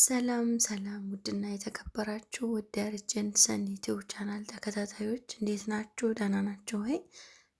ሰላም ሰላም ውድና የተከበራችሁ ውድ ያርጀን ሰን ቻናል ተከታታዮች እንዴት ናችሁ? ደህና ናችሁ ወይ?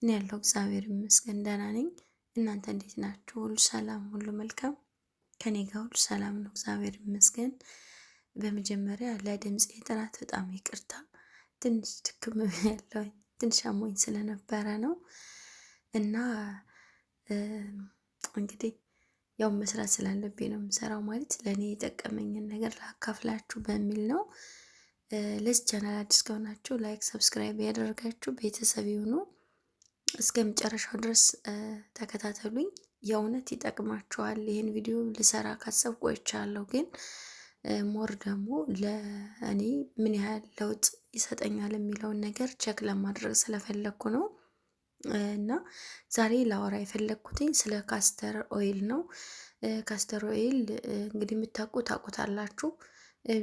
እኔ ያለው እግዚአብሔር ይመስገን ደህና ነኝ። እናንተ እንዴት ናችሁ? ሁሉ ሰላም፣ ሁሉ መልካም። ከኔ ጋር ሁሉ ሰላም ነው፣ እግዚአብሔር ይመስገን። በመጀመሪያ ለድምፅ ጥራት በጣም ይቅርታ፣ ትንሽ ድክም ያለው ትንሽ አሞኝ ስለነበረ ነው እና እንግዲህ ያው መስራት ስላለብኝ ነው የምሰራው። ማለት ለእኔ የጠቀመኝን ነገር ላካፍላችሁ በሚል ነው። ለዚህ ቻናል አዲስ ከሆናችሁ ላይክ፣ ሰብስክራይብ ያደረጋችሁ ቤተሰብ የሆኑ እስከ መጨረሻው ድረስ ተከታተሉኝ። የእውነት ይጠቅማችኋል። ይህን ቪዲዮ ልሰራ ካሰብ ቆይቻለሁ፣ ግን ሞር ደግሞ ለእኔ ምን ያህል ለውጥ ይሰጠኛል የሚለውን ነገር ቸክ ለማድረግ ስለፈለግኩ ነው። እና ዛሬ ላወራ የፈለግኩትኝ ስለ ካስተር ኦይል ነው። ካስተር ኦይል እንግዲህ የምታውቁ ታውቁታላችሁ።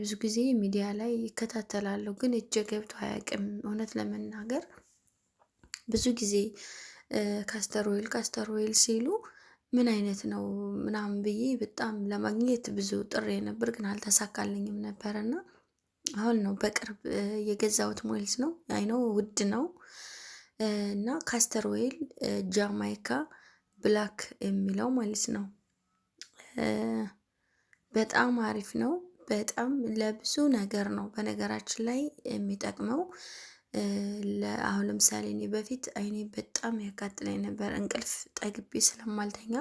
ብዙ ጊዜ ሚዲያ ላይ ይከታተላለሁ፣ ግን እጀ ገብቶ አያውቅም። እውነት ለመናገር ብዙ ጊዜ ካስተር ኦይል ካስተር ኦይል ሲሉ ምን አይነት ነው ምናምን ብዬ በጣም ለማግኘት ብዙ ጥሬ ነበር፣ ግን አልተሳካልኝም ነበር እና አሁን ነው በቅርብ የገዛሁት ሞይልስ ነው አይነው ውድ ነው እና ካስተር ኦይል ጃማይካ ብላክ የሚለው ማለት ነው። በጣም አሪፍ ነው። በጣም ለብዙ ነገር ነው በነገራችን ላይ የሚጠቅመው። አሁን ለምሳሌ እኔ በፊት አይኔ በጣም ያቃጥለኝ ነበር እንቅልፍ ጠግቤ ስለማልተኛ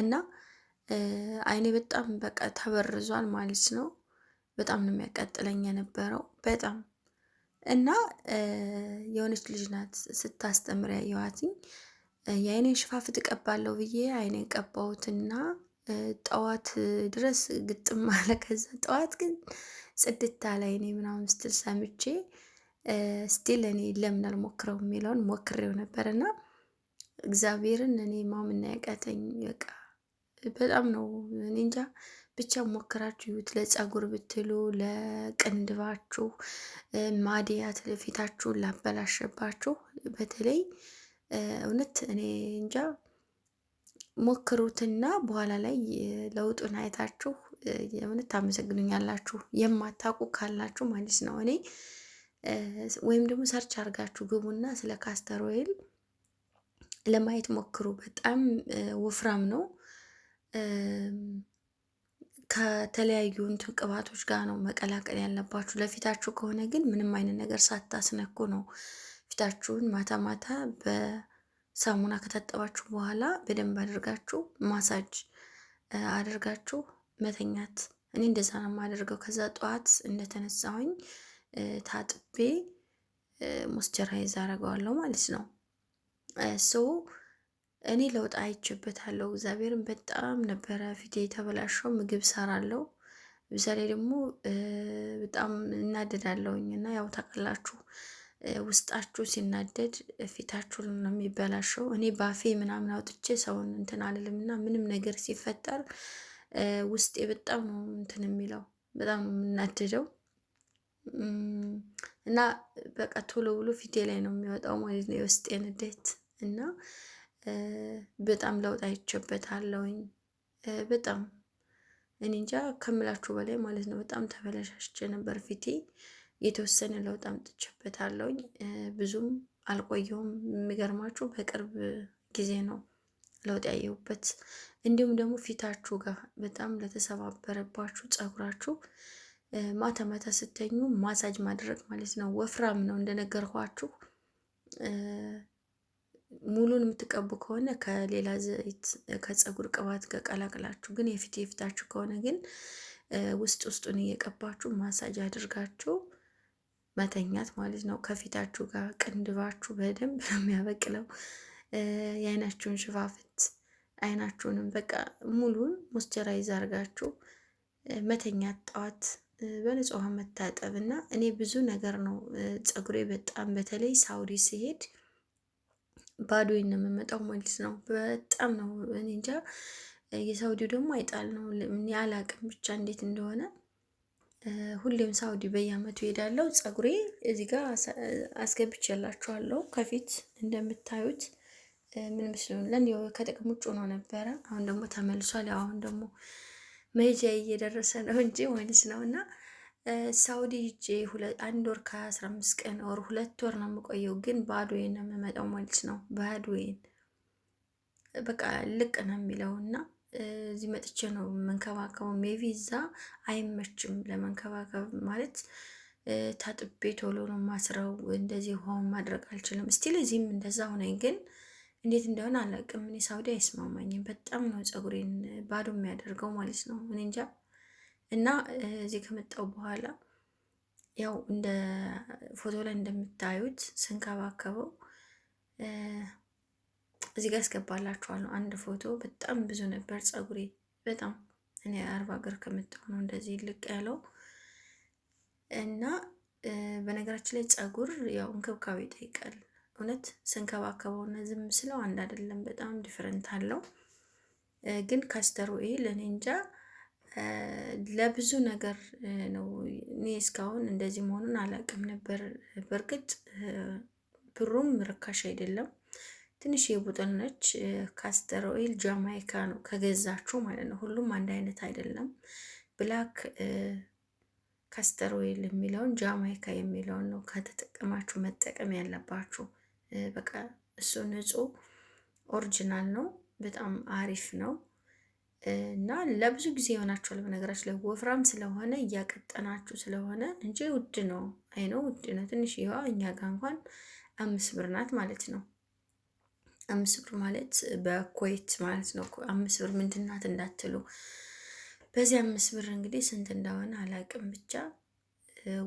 እና አይኔ በጣም በቃ ተበርዟል ማለት ነው። በጣም ነው የሚያቃጥለኝ የነበረው በጣም እና የሆነች ልጅ ናት ስታስተምር ያየኋትኝ የአይኔን ሽፋፍት እቀባለሁ ብዬ አይኔን ቀባሁትና ጠዋት ድረስ ግጥም አለ። ከዛ ጠዋት ግን ጽድት አለ አይኔ ምናምን ስትል ሰምቼ ስቲል እኔ ለምን አልሞክረው የሚለውን ሞክሬው ነበር እና እግዚአብሔርን እኔ ማምና ያቀተኝ በቃ በጣም ነው እኔ እንጃ ብቻ ሞክራችሁ ይዩት። ለጸጉር ብትሉ ለቅንድባችሁ፣ ማድያት ፊታችሁ ላበላሸባችሁ፣ በተለይ እውነት እኔ እንጃ ሞክሩትና በኋላ ላይ ለውጡን አይታችሁ እውነት ታመሰግኑኛላችሁ። የማታውቁ ካላችሁ ማለት ነው እኔ ወይም ደግሞ ሰርች አድርጋችሁ ግቡና ስለ ካስተር ኦይል ለማየት ሞክሩ። በጣም ወፍራም ነው። ከተለያዩ እንትን ቅባቶች ጋር ነው መቀላቀል ያለባችሁ። ለፊታችሁ ከሆነ ግን ምንም አይነት ነገር ሳታስነኩ ነው። ፊታችሁን ማታ ማታ በሳሙና ከታጠባችሁ በኋላ በደንብ አድርጋችሁ ማሳጅ አድርጋችሁ መተኛት። እኔ እንደዛ ነው የማደርገው። ከዛ ጠዋት እንደተነሳሁኝ ታጥቤ ሞስቸራይዝ አደርገዋለሁ ማለት ነው ሶ እኔ ለውጥ አይችበታለሁ። እግዚአብሔርን በጣም ነበረ ፊቴ የተበላሸው። ምግብ ሰራለው ምሳሌ ደግሞ በጣም እናደዳለውኝ እና ያው ታውቃላችሁ ውስጣችሁ ሲናደድ ፊታችሁ ነው የሚበላሸው። እኔ ባፌ ምናምን አውጥቼ ሰውን እንትን አልልም እና ምንም ነገር ሲፈጠር ውስጤ በጣም ነው እንትን የሚለው በጣም ነው የምናደደው እና በቃ ቶሎ ብሎ ፊቴ ላይ ነው የሚወጣው ማለት ነው የውስጤ ንዴት እና በጣም ለውጥ አይቼበታለሁኝ። በጣም እኔ እንጃ ከምላችሁ በላይ ማለት ነው። በጣም ተበላሻሽቼ ነበር ፊቴ። የተወሰነ ለውጥ አምጥቼበታለሁኝ። ብዙም አልቆየውም። የሚገርማችሁ በቅርብ ጊዜ ነው ለውጥ ያየሁበት። እንዲሁም ደግሞ ፊታችሁ ጋር በጣም ለተሰባበረባችሁ ፀጉራችሁ ማታ ማታ ስተኙ ማሳጅ ማድረግ ማለት ነው። ወፍራም ነው እንደነገርኳችሁ ሙሉን የምትቀቡ ከሆነ ከሌላ ዘይት ከፀጉር ቅባት ጋር ቀላቅላችሁ፣ ግን የፊት የፊታችሁ ከሆነ ግን ውስጥ ውስጡን እየቀባችሁ ማሳጅ አድርጋችሁ መተኛት ማለት ነው። ከፊታችሁ ጋር ቅንድባችሁ በደንብ ነው የሚያበቅለው። የአይናችሁን ሽፋፍት አይናችሁንም በቃ ሙሉን ሞስቸራይዝ አድርጋችሁ መተኛት፣ ጠዋት በንጹህ መታጠብ እና እኔ ብዙ ነገር ነው ፀጉሬ በጣም በተለይ ሳውዲ ሲሄድ ባዶ ነው የምመጣው ማለት ነው። በጣም ነው እኔ እንጃ። የሳውዲው ደግሞ አይጣል ነው አላቅም፣ ብቻ እንዴት እንደሆነ ሁሌም ሳውዲ በየአመቱ ሄዳለው ፀጉሬ እዚህ ጋር አስገብቼ ከፊት እንደምታዩት ምን ምስሉለን ከጥቅም ውጭ ሆኖ ነበረ። አሁን ደግሞ ተመልሷል። አሁን ደግሞ መሄጃ እየደረሰ ነው እንጂ ማለት ነው እና ሳውዲ ሂጄ አንድ ወር ከአስራ አምስት ቀን ወር ሁለት ወር ነው የምቆየው፣ ግን ባዶዬን ነው የምመጣው ማለት ነው። ባዶዬን በቃ ልቅ ነው የሚለው እና እዚህ መጥቼ ነው መንከባከቡ። ሜቢ እዛ አይመችም ለመንከባከብ ማለት ታጥቤ ቶሎ ነው ማስረው። እንደዚህ ሆን ማድረግ አልችልም። ስቲል እዚህም እንደዛ ሆነኝ፣ ግን እንዴት እንደሆነ አላውቅም። እኔ ሳውዲ አይስማማኝም። በጣም ነው ፀጉሬን ባዶ የሚያደርገው ማለት ነው። እኔ እንጃ እና እዚህ ከመጣው በኋላ ያው እንደ ፎቶ ላይ እንደምታዩት ስንከባከበው እዚህ ጋር ያስገባላችኋለሁ። አንድ ፎቶ በጣም ብዙ ነበር ፀጉሬ በጣም እኔ አርብ ሀገር ከመጣሁ ነው እንደዚህ ልቅ ያለው እና በነገራችን ላይ ፀጉር ያው እንክብካቤ ይጠይቃል። እውነት ስንከባከበው እና ዝም ስለው አንድ አይደለም፣ በጣም ዲፍረንት አለው። ግን ካስተር ወይ ለኔ እንጃ ለብዙ ነገር ነው። እኔ እስካሁን እንደዚህ መሆኑን አላውቅም ነበር። በእርግጥ ብሩም ርካሽ አይደለም። ትንሽ የቦጠል ነች። ካስተር ኦይል ጃማይካ ነው ከገዛችሁ ማለት ነው። ሁሉም አንድ አይነት አይደለም። ብላክ ካስተር ኦይል የሚለውን ጃማይካ የሚለውን ነው ከተጠቀማችሁ መጠቀም ያለባችሁ። በቃ እሱ ንጹህ ኦሪጂናል ነው። በጣም አሪፍ ነው። እና ለብዙ ጊዜ ይሆናችኋል። በነገራችን ላይ ወፍራም ስለሆነ እያቀጠናችሁ ስለሆነ እንጂ ውድ ነው። አይኖ ውድ ነው። ትንሽ ይዋ እኛ ጋር እንኳን አምስት ብር ናት ማለት ነው። አምስት ብር ማለት በኩዌት ማለት ነው። አምስት ብር ምንድን ናት እንዳትሉ፣ በዚህ አምስት ብር እንግዲህ ስንት እንደሆነ አላቅም፣ ብቻ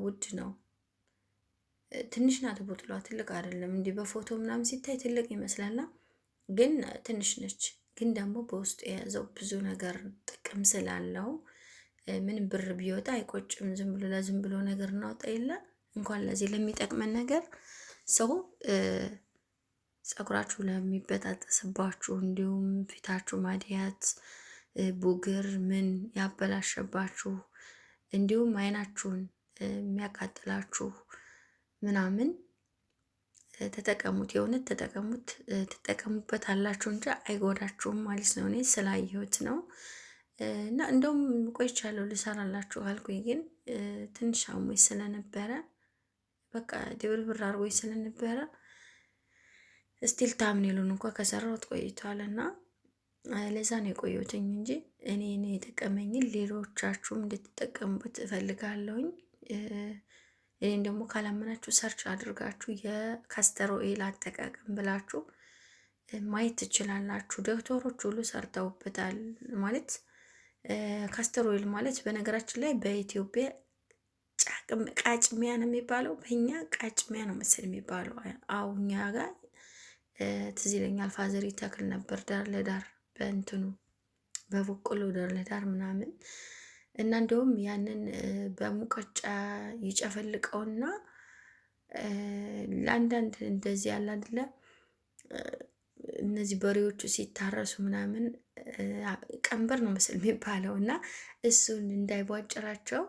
ውድ ነው። ትንሽ ናት ቦጥሏ፣ ትልቅ አይደለም። እንዲህ በፎቶ ምናምን ሲታይ ትልቅ ይመስላልና ግን ትንሽ ነች። ግን ደግሞ በውስጡ የያዘው ብዙ ነገር ጥቅም ስላለው ምንም ብር ቢወጣ አይቆጭም። ዝም ብሎ ለዝም ብሎ ነገር እናውጣ የለ እንኳን ለዚህ ለሚጠቅመን ነገር ሰው ጸጉራችሁ ለሚበጣጠስባችሁ፣ እንዲሁም ፊታችሁ ማድያት፣ ቡግር ምን ያበላሸባችሁ፣ እንዲሁም አይናችሁን የሚያቃጥላችሁ ምናምን ተጠቀሙት፣ የእውነት ተጠቀሙት፣ ትጠቀሙበት አላችሁ እንጂ አይጎዳችሁም ማለት ነው። እኔ ስላየሁት ነው እና እንደውም ቆይቻለሁ ልሰራላችሁ አልኩኝ፣ ግን ትንሽ አሞኝ ስለነበረ በቃ ድብርብር አድርጎኝ ስለነበረ ስቲል ታምኔሉን እንኳ ከሰራሁት ቆይቷል እና ለዛ ነው የቆየሁትኝ እንጂ እኔ የጠቀመኝን ሌሎቻችሁም እንድትጠቀሙበት እፈልጋለሁኝ። እኔን ደግሞ ካላመናችሁ ሰርች አድርጋችሁ የካስተር ኦይል አጠቃቀም ብላችሁ ማየት ትችላላችሁ። ዶክተሮች ሁሉ ሰርተውበታል። ማለት ካስተር ኦይል ማለት በነገራችን ላይ በኢትዮጵያ ቃጭሚያ ነው የሚባለው፣ በእኛ ቃጭሚያ ነው መሰል የሚባለው። አዎ እኛ ጋር ትዝ ይለኛል ፋዘር ይተክል ነበር ዳር ለዳር በእንትኑ በበቆሎ ዳር ለዳር ምናምን እና እንደውም ያንን በሙቀጫ ይጨፈልቀውና ለአንዳንድ እንደዚህ ያለ አይደለ እነዚህ በሬዎቹ ሲታረሱ ምናምን ቀንበር ነው ምስል የሚባለው እና እሱን እንዳይቧጭራቸው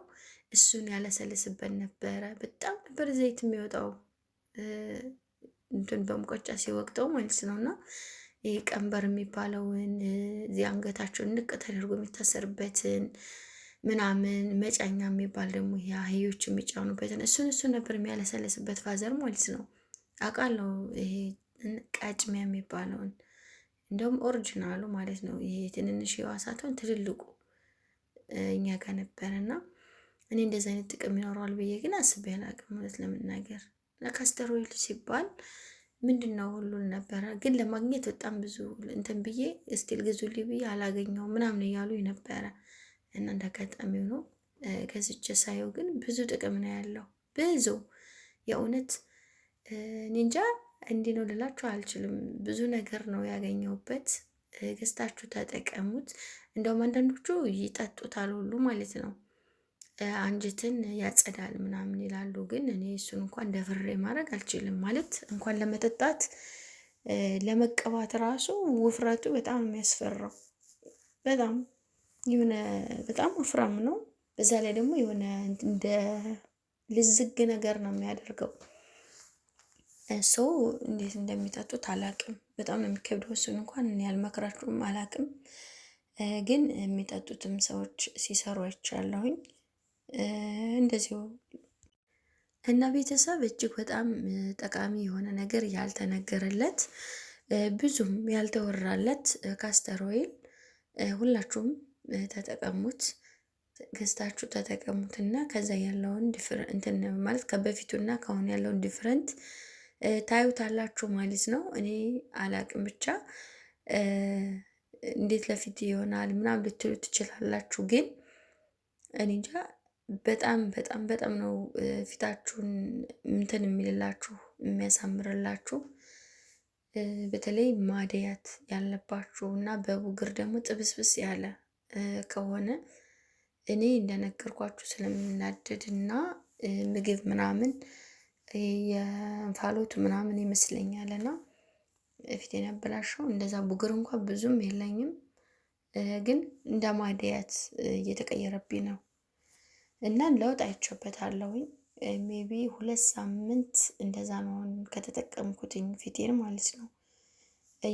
እሱን ያለሰልስበት ነበረ። በጣም ነበር ዘይት የሚወጣው እንትን በሙቀጫ ሲወቅጠው ማለት ነው። እና ይህ ቀንበር የሚባለውን እዚህ አንገታቸውን ንቅ ተደርጎ የሚታሰርበትን ምናምን መጫኛ የሚባል ደግሞ የአህዮች የሚጫኑበትን እሱን እሱን ነበር የሚያለሰለስበት ፋዘር ማለት ነው። አውቃለሁ ይሄ ቃጭሚያ የሚባለውን እንደውም ኦሪጂናሉ ማለት ነው። ይሄ ትንንሽ የዋሳቶን ትልልቁ እኛ ጋር ነበር እና እኔ እንደዚ አይነት ጥቅም ይኖረዋል ብዬ ግን አስቤ አላውቅም ማለት ለመናገር ለካስተሮይል ሲባል ምንድን ነው ሁሉን ነበረ ግን ለማግኘት በጣም ብዙ እንትን ብዬ ስቲል ግዙልኝ ብዬ አላገኘው ምናምን እያሉ ነበረ። እና እንደ አጋጣሚ ሆኖ ገዝቼ ሳየው ግን ብዙ ጥቅም ነው ያለው። ብዙ የእውነት ኒንጃ እንዲህ ነው ልላችሁ አልችልም። ብዙ ነገር ነው ያገኘሁበት። ገዝታችሁ ተጠቀሙት። እንደውም አንዳንዶቹ ይጠጡታል ሁሉ ማለት ነው፣ አንጀትን ያጸዳል ምናምን ይላሉ። ግን እኔ እሱን እንኳን ደፍሬ ማድረግ አልችልም። ማለት እንኳን ለመጠጣት ለመቀባት ራሱ ውፍረቱ በጣም የሚያስፈራው በጣም የሆነ በጣም ወፍራም ነው። በዛ ላይ ደግሞ የሆነ እንደ ልዝግ ነገር ነው የሚያደርገው። ሰው እንዴት እንደሚጠጡት አላቅም። በጣም ነው የሚከብደው። እሱን እንኳን እኔ ያልመክራችሁም አላቅም፣ ግን የሚጠጡትም ሰዎች ሲሰሩ አይቻለሁኝ እንደዚሁ እና ቤተሰብ እጅግ በጣም ጠቃሚ የሆነ ነገር ያልተነገረለት ብዙም ያልተወራለት ካስተር ኦይል ሁላችሁም ተጠቀሙት ገዝታችሁ ተጠቀሙት እና ከዛ ያለውን እንትን ማለት ከበፊቱና ከአሁን ያለውን ዲፍረንት ታዩታላችሁ ማለት ነው። እኔ አላቅም ብቻ እንዴት ለፊት ይሆናል ምናምን ልትሉ ትችላላችሁ። ግን እኔ እንጃ በጣም በጣም በጣም ነው ፊታችሁን እንትን የሚልላችሁ የሚያሳምርላችሁ። በተለይ ማደያት ያለባችሁ እና በቡግር ደግሞ ጥብስብስ ያለ ከሆነ እኔ እንደነገርኳችሁ ስለምናደድ እና ምግብ ምናምን የእንፋሎቱ ምናምን ይመስለኛል እና ፊቴን ያበላሸው። እንደዛ ቡግር እንኳ ብዙም የለኝም፣ ግን እንደ ማድያት እየተቀየረብኝ ነው እና ለውጥ አይቼበታለሁኝ። ሜቢ ሁለት ሳምንት እንደዛ ነው ከተጠቀምኩትኝ ፊቴን ማለት ነው።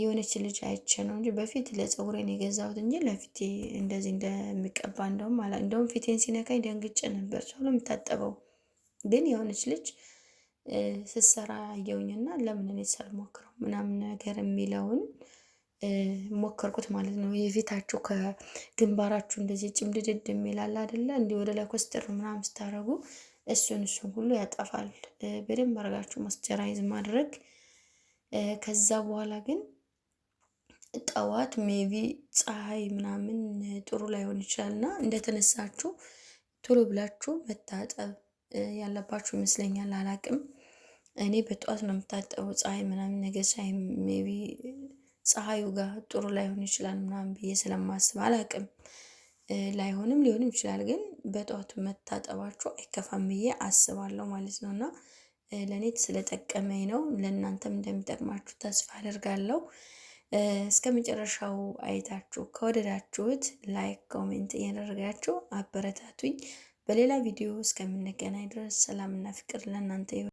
የሆነች ልጅ አይቼ ነው እንጂ በፊት ለፀጉሬን የገዛሁት እንጂ ለፊቴ እንደዚህ እንደሚቀባ እንደውም አላ እንደውም ፊቴን ሲነካኝ ደንግጬ ነበር። ቶሎ የምታጠበው ግን የሆነች ልጅ ስትሰራ አየውኝና ለምን እኔ ሳልሞክረው ምናምን ነገር የሚለውን ሞከርኩት ማለት ነው። የፊታችሁ ከግንባራችሁ እንደዚህ ጭምድድድ የሚላል አደለ? እንዲህ ወደ ላይ ኮስጥር ምናምን ስታደረጉ እሱን እሱን ሁሉ ያጠፋል። በደንብ አድርጋችሁ ማስቸራይዝ ማድረግ ከዛ በኋላ ግን ጠዋት ሜቢ ፀሐይ ምናምን ጥሩ ላይሆን ይችላል እና እንደተነሳችሁ ቶሎ ብላችሁ መታጠብ ያለባችሁ ይመስለኛል። አላቅም እኔ በጠዋት ነው የምታጠበው። ፀሐይ ምናምን ነገ ሳይ ሜቢ ፀሐዩ ጋር ጥሩ ላይሆን ይችላል ምናምን ብዬ ስለማስብ አላቅም። ላይሆንም ሊሆንም ይችላል ግን በጠዋቱ መታጠባችሁ አይከፋም ብዬ አስባለሁ ማለት ነው እና ለእኔ ስለጠቀመኝ ነው። ለእናንተም እንደሚጠቅማችሁ ተስፋ አደርጋለሁ። እስከ መጨረሻው አይታችሁ ከወደዳችሁት ላይክ፣ ኮሜንት እያደረጋችሁ አበረታቱኝ። በሌላ ቪዲዮ እስከምንገናኝ ድረስ ሰላምና ፍቅር ለእናንተ ይሁን።